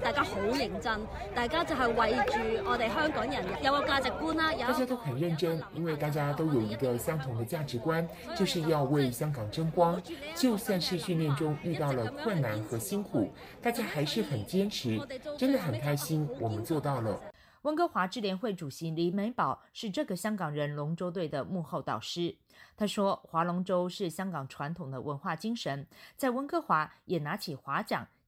大家好認真，大家就係為住我哋香港人有個價值觀啦、啊。大家都很認真，因為大家都有一個相同嘅價值觀，就是要為香港爭光。就算是訓練中遇到了困難和辛苦，大家還是很堅持，真的很開心，我們做到了。溫哥華智聯會主席李美寶是這個香港人龍舟隊的幕後導師，他說：「劃龍舟是香港傳統的文化精神，在溫哥華也拿起划槳。」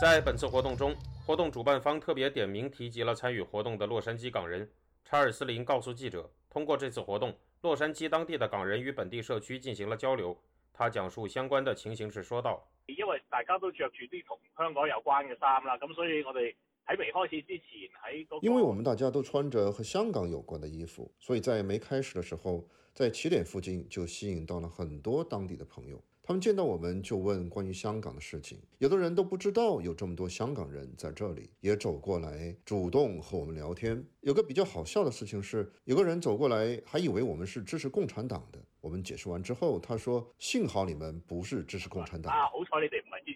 在本次活動中，活動主辦方特別點名提及了參與活動的洛杉磯港人查爾斯林，告訴記者：“通過這次活動，洛杉磯當地的港人與本地社區進行了交流。”他講述相關的情形是說道：“因為大家都着住啲同香港有關嘅衫啦，咁所以我哋。”喺未開始之前，喺因為我們大家都穿着和香港有關的衣服，所以在沒開始的時候，在起點附近就吸引到了很多當地的朋友。他們見到我們就問關於香港的事情，有的人都不知道有這麼多香港人，在這裡也走過來主動和我們聊天。有個比較好笑的事情是，有個人走過來，還以為我們是支持共產黨的。我們解釋完之後，他說：幸好你們不是支持共產黨。啊，好彩你哋唔係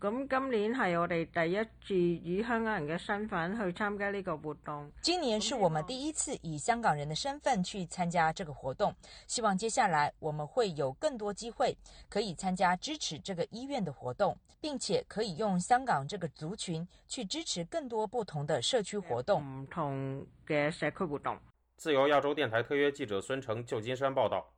咁今年係我哋第一次以香港人嘅身份去參加呢個活動。今年是我們第一次以香港人的身份去參加這個活動，希望接下來我們會有更多機會可以參加支持這個醫院的活動，並且可以用香港這個族群去支持更多不同的社區活動。唔同嘅社區活動。自由亞洲電台特約記者孫成舊金山報道。